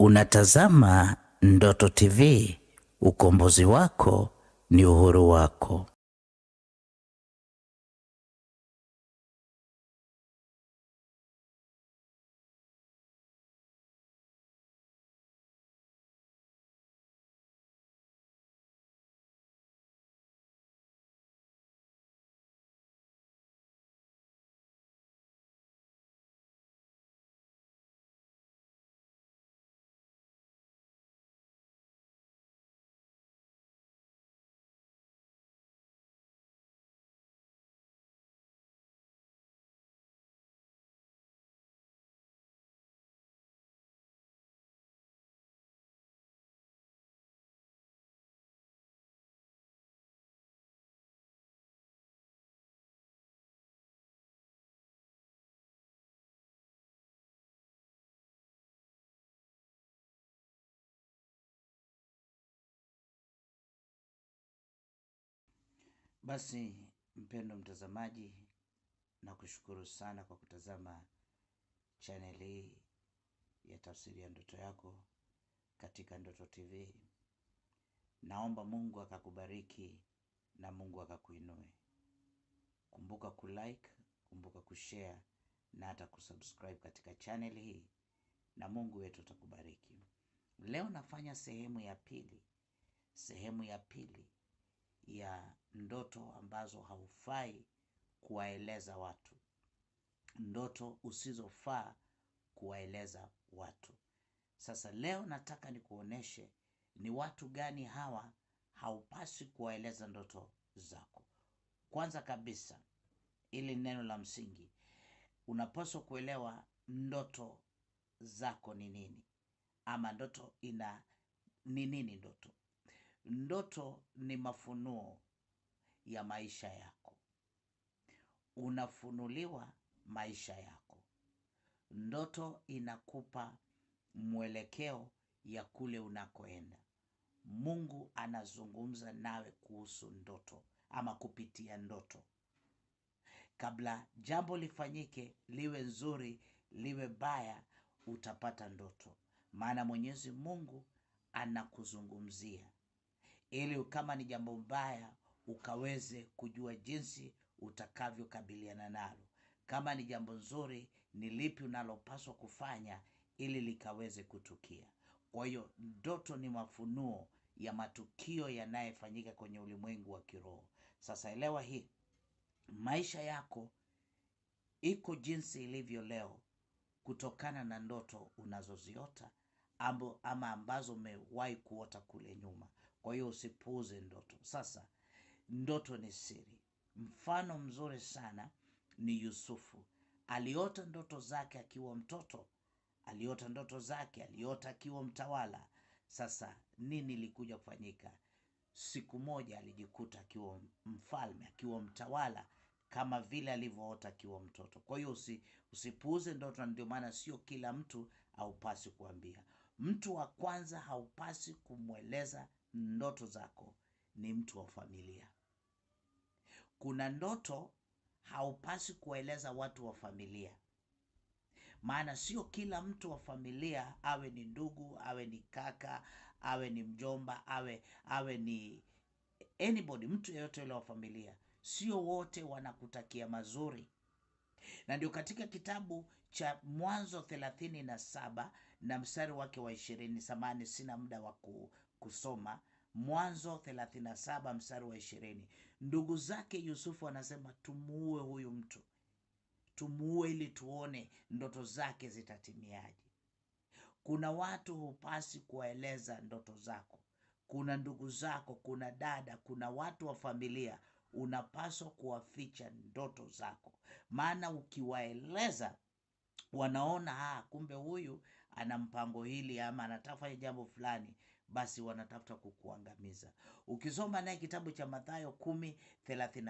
Unatazama Ndoto TV. Ukombozi wako ni uhuru wako. Basi mpendo mtazamaji, na kushukuru sana kwa kutazama chanel hii ya tafsiri ya ndoto yako katika Ndoto TV. Naomba Mungu akakubariki na Mungu akakuinue. Kumbuka kulike, kumbuka kushare na hata kusubscribe katika chanel hii, na Mungu wetu atakubariki. Leo nafanya sehemu ya pili, sehemu ya pili ya ndoto ambazo haufai kuwaeleza watu, ndoto usizofaa kuwaeleza watu. Sasa leo nataka nikuoneshe ni watu gani hawa haupasi kuwaeleza ndoto zako. Kwanza kabisa, ili neno la msingi, unapaswa kuelewa ndoto zako ni nini, ama ndoto ina ni nini. Ndoto, ndoto ni mafunuo ya maisha yako, unafunuliwa maisha yako. Ndoto inakupa mwelekeo ya kule unakoenda. Mungu anazungumza nawe kuhusu ndoto ama kupitia ndoto. Kabla jambo lifanyike, liwe nzuri, liwe baya, utapata ndoto, maana Mwenyezi Mungu anakuzungumzia, ili kama ni jambo mbaya ukaweze kujua jinsi utakavyokabiliana nalo. Kama ni jambo nzuri, ni lipi unalopaswa kufanya ili likaweze kutukia. Kwa hiyo ndoto ni mafunuo ya matukio yanayofanyika kwenye ulimwengu wa kiroho. Sasa elewa hii, maisha yako iko jinsi ilivyo leo kutokana na ndoto unazoziota ama ambazo umewahi kuota kule nyuma. Kwa hiyo usipuuze ndoto. Sasa ndoto ni siri. Mfano mzuri sana ni Yusufu. Aliota ndoto zake akiwa mtoto, aliota ndoto zake, aliota akiwa mtawala. Sasa nini ilikuja kufanyika? Siku moja alijikuta akiwa mfalme, akiwa mtawala kama vile alivyoota akiwa mtoto. Kwa hiyo usi, usipuuze ndoto, na ndio maana sio kila mtu haupasi kuambia mtu wa kwanza, haupasi kumweleza ndoto zako ni mtu wa familia kuna ndoto haupasi kueleza watu wa familia, maana sio kila mtu wa familia, awe ni ndugu, awe ni kaka, awe ni mjomba, awe awe ni anybody, mtu yeyote yule wa familia, sio wote wanakutakia mazuri. Na ndio katika kitabu cha Mwanzo thelathini na saba na mstari wake wa ishirini, samani sina muda wa kusoma Mwanzo 37 mstari wa ishirini. Ndugu zake Yusufu anasema tumuue huyu mtu, tumuue ili tuone ndoto zake zitatimiaje. Kuna watu hupasi kuwaeleza ndoto zako, kuna ndugu zako, kuna dada, kuna watu wa familia unapaswa kuwaficha ndoto zako, maana ukiwaeleza wanaona, ah, kumbe huyu ana mpango hili ama anatafanya jambo fulani, basi wanatafuta kukuangamiza. Ukisoma naye kitabu cha Mathayo kumi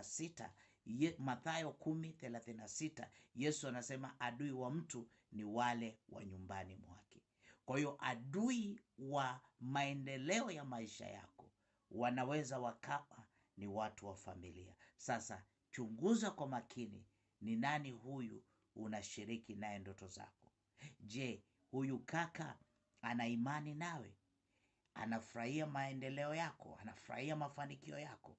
sita Mathayo kumi thelathini sita Yesu anasema adui wa mtu ni wale wa nyumbani mwake. Kwa hiyo adui wa maendeleo ya maisha yako wanaweza wakawa ni watu wa familia. Sasa chunguza kwa makini, ni nani huyu unashiriki naye ndoto zako? Je, huyu kaka ana imani nawe? anafurahia maendeleo yako, anafurahia mafanikio yako.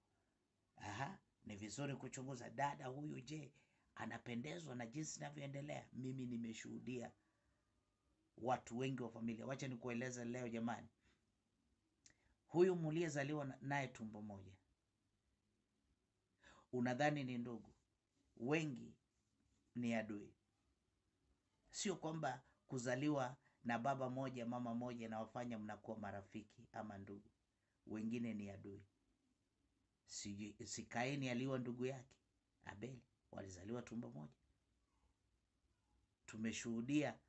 Aha, ni vizuri kuchunguza dada huyu, je, anapendezwa na jinsi navyoendelea Mimi nimeshuhudia watu wengi wa familia. Wacha nikueleza leo jamani, huyu muliyezaliwa naye tumbo moja unadhani ni ndugu, wengi ni adui. Sio kwamba kuzaliwa na baba moja mama moja inawafanya mnakuwa marafiki ama ndugu, wengine ni adui. Si, si Kaini aliwa ndugu yake Abeli, walizaliwa tumbo moja. Tumeshuhudia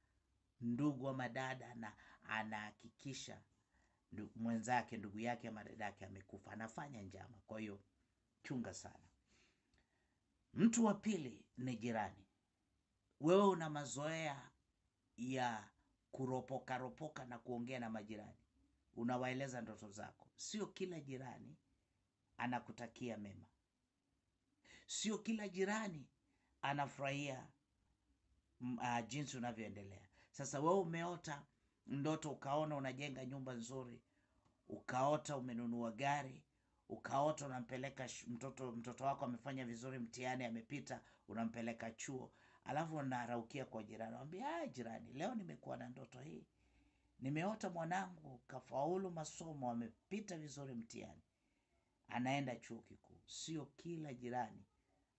ndugu ama dada na anahakikisha mwenzake ndugu yake ama dada yake amekufa, anafanya njama. Kwa hiyo chunga sana. Mtu wa pili ni jirani. Wewe una mazoea ya kuropokaropoka na kuongea na majirani, unawaeleza ndoto zako. Sio kila jirani anakutakia mema, sio kila jirani anafurahia uh, jinsi unavyoendelea. Sasa wewe umeota ndoto ukaona unajenga nyumba nzuri, ukaota umenunua gari, ukaota unampeleka mtoto, mtoto wako amefanya vizuri mtihani, amepita, unampeleka chuo alafu naraukia kwa jirani, wambia jirani, leo nimekuwa na ndoto hii, nimeota mwanangu kafaulu masomo, amepita vizuri mtiani anaenda chuo kikuu. Sio kila jirani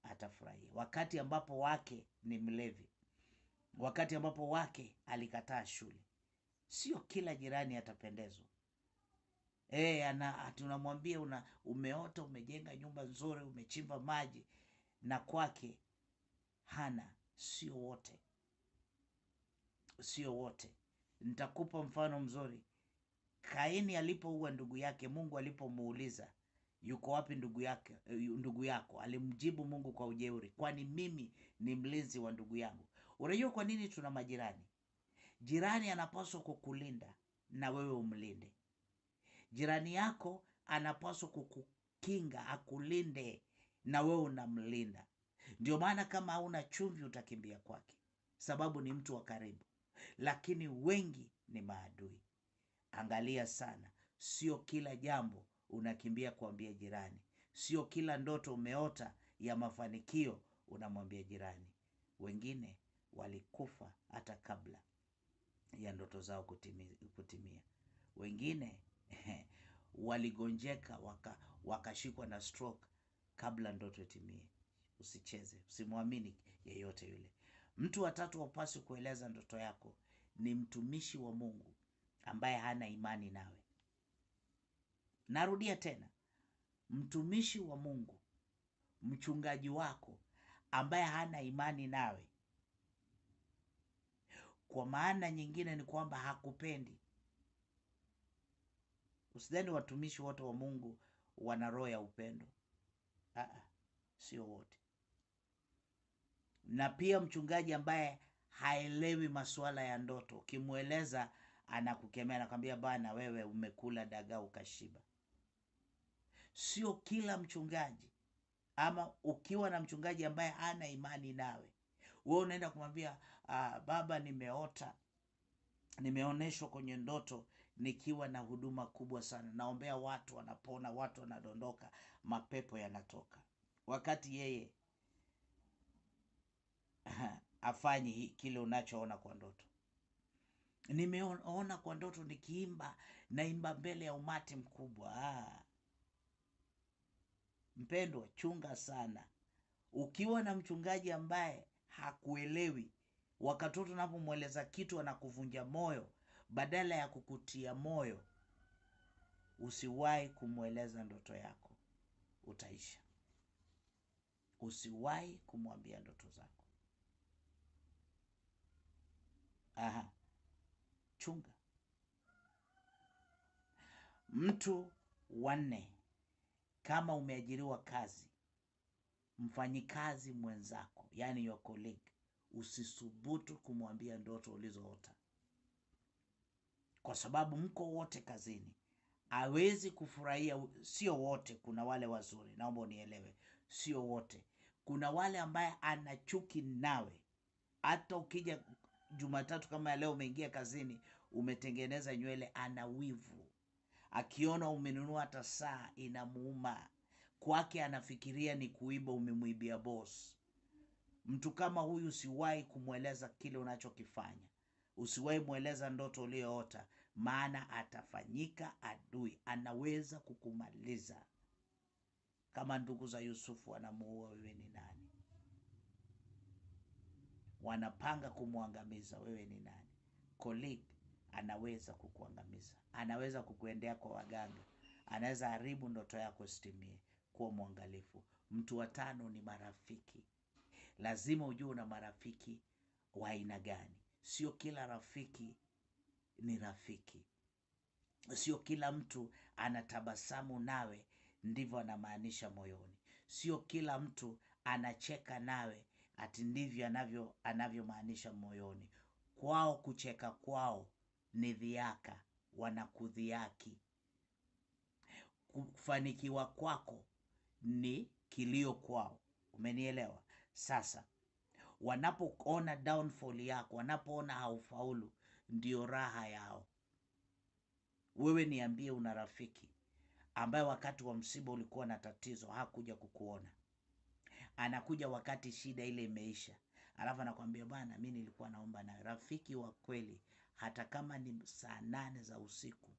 atafurahia, wakati ambapo wake ni mlevi, wakati ambapo wake alikataa shule, sio kila jirani atapendezwa. E, tunamwambia una, umeota umejenga nyumba nzuri, umechimba maji na kwake hana sio wote, sio wote. Nitakupa mfano mzuri. Kaini alipoua ndugu yake, Mungu alipomuuliza yuko wapi ndugu yake, eh, ndugu yako, alimjibu Mungu kwa ujeuri, kwani mimi ni mlinzi wa ndugu yangu. Unajua kwa nini tuna majirani? Jirani anapaswa kukulinda na wewe umlinde. Jirani yako anapaswa kukukinga akulinde na wewe unamlinda. Ndio maana kama hauna chumvi utakimbia kwake, sababu ni mtu wa karibu, lakini wengi ni maadui. Angalia sana, sio kila jambo unakimbia kuambia jirani, sio kila ndoto umeota ya mafanikio unamwambia jirani. Wengine walikufa hata kabla ya ndoto zao kutimia, kutimia. Wengine waligonjeka wakashikwa waka na stroke kabla ndoto itimie usicheze, usimwamini yeyote yule. Mtu wa tatu kueleza ndoto yako, ni mtumishi wa Mungu ambaye hana imani nawe. Narudia tena, mtumishi wa Mungu, mchungaji wako ambaye hana imani nawe. Kwa maana nyingine ni kwamba hakupendi. Usidhani watumishi wote wa Mungu wana roho ya upendo. Ah, ah, sio wote na pia mchungaji ambaye haelewi masuala ya ndoto, ukimweleza anakukemea, anakwambia bana, wewe umekula dagaa ukashiba. Sio kila mchungaji, ama ukiwa na mchungaji ambaye hana imani nawe, wewe unaenda kumwambia ah, baba, nimeota nimeonyeshwa kwenye ndoto nikiwa na huduma kubwa sana, naombea watu wanapona, watu wanadondoka, mapepo yanatoka, wakati yeye afanye kile unachoona kwa ndoto. Nimeona kwa ndoto nikiimba, naimba mbele ya umati mkubwa. Ah. Mpendwa, chunga sana. Ukiwa na mchungaji ambaye hakuelewi, wakati wote unapomweleza kitu anakuvunja moyo badala ya kukutia moyo, usiwahi kumweleza ndoto yako, utaisha. Usiwahi kumwambia ndoto zako. Aha. Chunga. Mtu wanne kama umeajiriwa kazi, mfanyikazi mwenzako, yani your colleague, usisubutu kumwambia ndoto ulizoota, kwa sababu mko wote kazini. Awezi kufurahia. Sio wote, kuna wale wazuri, naomba unielewe. Sio wote, kuna wale ambaye ana chuki nawe, hata ukija Jumatatu kama leo umeingia kazini umetengeneza nywele, ana wivu. Akiona umenunua hata saa inamuuma, kwake anafikiria ni kuiba, umemwibia boss. Mtu kama huyu usiwahi kumweleza kile unachokifanya, usiwahi mweleza ndoto uliyoota, maana atafanyika adui, anaweza kukumaliza kama ndugu za Yusufu anamuua, wewe ni nani? wanapanga kumwangamiza, wewe ni nani? Colleague anaweza kukuangamiza, anaweza kukuendea kwa waganga, anaweza haribu ndoto yako sitimie. Kuwa mwangalifu. Mtu wa tano ni marafiki. Lazima ujue una marafiki wa aina gani. Sio kila rafiki ni rafiki, sio kila mtu anatabasamu nawe ndivyo anamaanisha moyoni, sio kila mtu anacheka nawe ati ndivyo anavyo anavyomaanisha moyoni kwao. Kucheka kwao ni dhiaka, wanakudhiaki. Kufanikiwa kwako ni kilio kwao. Umenielewa? Sasa wanapoona downfall yako, wanapoona haufaulu, ndio raha yao. Wewe niambie, una rafiki ambaye wakati wa msiba ulikuwa na tatizo hakuja kukuona? anakuja wakati shida ile imeisha, alafu anakwambia bwana, mi nilikuwa naomba. Na rafiki wa kweli, hata kama ni saa nane za usiku,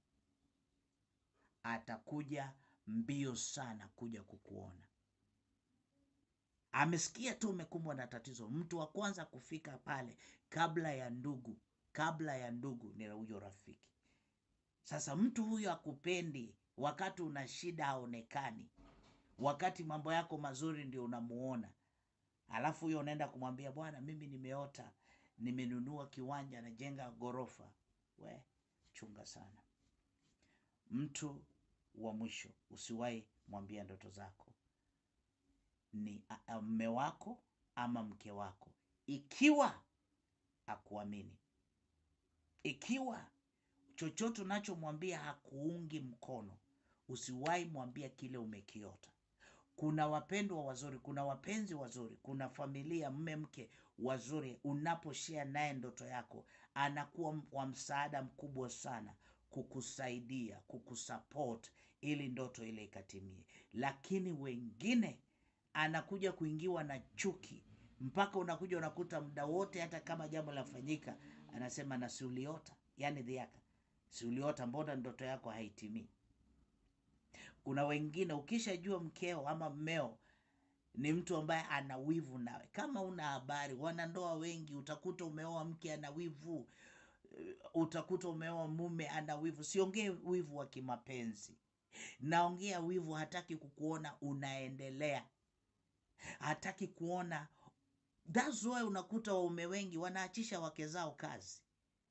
atakuja mbio sana kuja kukuona. Amesikia tu umekumbwa na tatizo. Mtu wa kwanza kufika pale kabla ya ndugu, kabla ya ndugu ni huyo rafiki. Sasa mtu huyo akupendi wakati una shida haonekani, wakati mambo yako mazuri ndio unamuona, alafu huyo unaenda kumwambia bwana, mimi nimeota, nimenunua kiwanja, najenga ghorofa. We chunga sana. Mtu wa mwisho usiwahi mwambia ndoto zako ni mme wako ama mke wako, ikiwa akuamini, ikiwa chochote unachomwambia hakuungi mkono, usiwahi mwambia kile umekiota kuna wapendwa wazuri, kuna wapenzi wazuri, kuna familia, mme mke wazuri. Unaposhea naye ndoto yako, anakuwa wa msaada mkubwa sana kukusaidia, kukusupport ili ndoto ile ikatimie. Lakini wengine anakuja kuingiwa na chuki, mpaka unakuja unakuta muda wote, hata kama jambo lafanyika, anasema na siuliota, yani dhiaka, siuliota, mbona ndoto yako haitimii? Kuna wengine ukishajua mkeo ama mmeo ni mtu ambaye ana wivu nawe, kama una habari, wanandoa wengi utakuta umeoa mke ana wivu, eh, utakuta umeoa mume ana wivu. Siongee wivu wa kimapenzi, naongea wivu, hataki kukuona unaendelea, hataki kuona. That's why unakuta waume wengi wanaachisha wake zao kazi,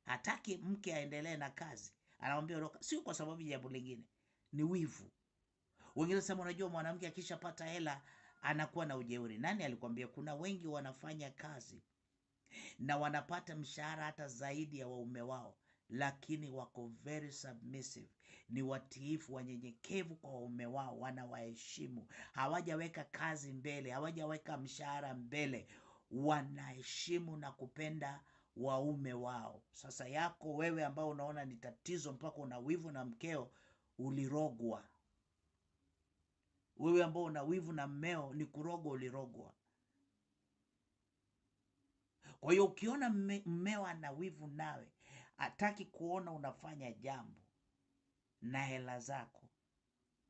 hataki mke aendelee na kazi, anamwambia Sio kwa sababu jambo lingine, ni wivu. Wengine sema unajua, mwanamke akishapata hela anakuwa na ujeuri. Nani alikwambia? Kuna wengi wanafanya kazi na wanapata mshahara hata zaidi ya waume wao, lakini wako very submissive, ni watiifu, wanyenyekevu kwa waume wao, wanawaheshimu, hawajaweka kazi mbele, hawajaweka mshahara mbele, wanaheshimu na kupenda waume wao. Sasa yako wewe ambao unaona ni tatizo mpaka una wivu na mkeo, ulirogwa. Wewe ambao una wivu na mmeo, ni kurogwa ulirogwa. Kwa hiyo ukiona mmeo ana wivu nawe, hataki kuona unafanya jambo na hela zako,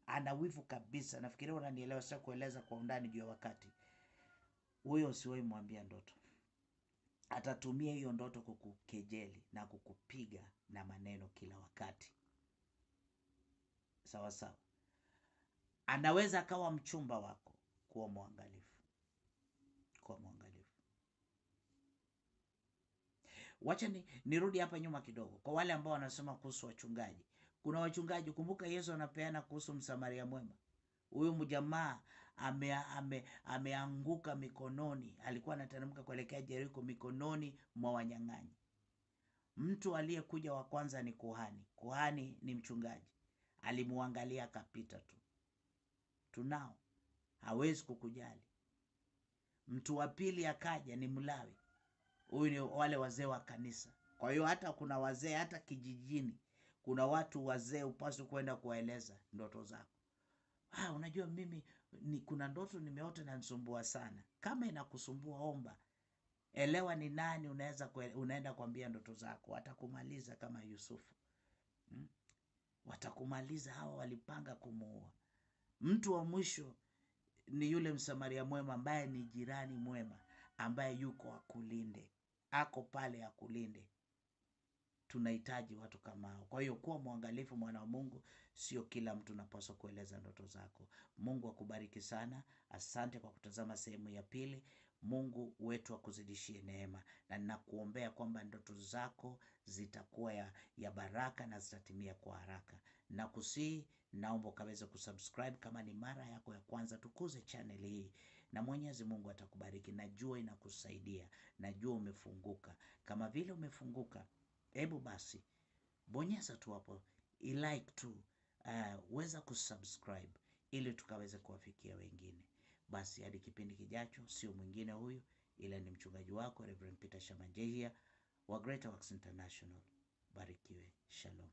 ana wivu kabisa. Nafikiria unanielewa, sasa kueleza kwa undani juu ya wakati huyo, usiwahi mwambia ndoto. Atatumia hiyo ndoto kukukejeli na kukupiga na maneno kila wakati. Sawa sawa anaweza akawa mchumba wako. Kuwa mwangalifu, kuwa mwangalifu. Wacha ni, nirudi hapa nyuma kidogo, kwa wale ambao wanasema kuhusu wachungaji. Kuna wachungaji, kumbuka Yesu anapeana kuhusu msamaria mwema. Huyu mjamaa ame, ame, ameanguka mikononi, alikuwa anateremka kuelekea Jeriko, mikononi mwa wanyang'anyi. Mtu aliyekuja wa kwanza ni kuhani. Kuhani ni mchungaji, alimuangalia akapita tu tunao, hawezi kukujali. Mtu wa pili akaja ni Mlawi, huyu ni wale wazee wa kanisa. Kwa hiyo hata kuna wazee hata kijijini, kuna watu wazee upaswi kwenda kuwaeleza ndoto zako. Ah, unajua mimi ni, kuna ndoto nimeota nanisumbua sana. Kama inakusumbua omba, elewa ni nani unaweza unaenda kuambia ndoto zako. Watakumaliza kama Yusufu hmm? Watakumaliza hawa walipanga kumuua. Mtu wa mwisho ni yule msamaria mwema ambaye ni jirani mwema ambaye yuko akulinde, ako pale akulinde. Tunahitaji watu kama hao. Kwa hiyo kuwa mwangalifu, mwana wa Mungu. Sio kila mtu unapaswa kueleza ndoto zako. Mungu akubariki sana. Asante kwa kutazama sehemu ya pili. Mungu wetu akuzidishie neema, na ninakuombea kwamba ndoto zako zitakuwa ya, ya baraka na zitatimia kwa haraka. kusii Naomba ukaweze kusubscribe kama ni mara yako ya kwanza, tukuze channel hii na Mwenyezi Mungu atakubariki. Najua inakusaidia, najua umefunguka. Kama vile umefunguka, hebu basi bonyeza tu hapo i like tu, uh, weza kusubscribe ili tukaweze kuwafikia wengine. Basi hadi kipindi kijacho, sio mwingine huyu ila ni mchungaji wako Reverend Peter Shamanjehia wa Greater Works International. Barikiwe, shalom.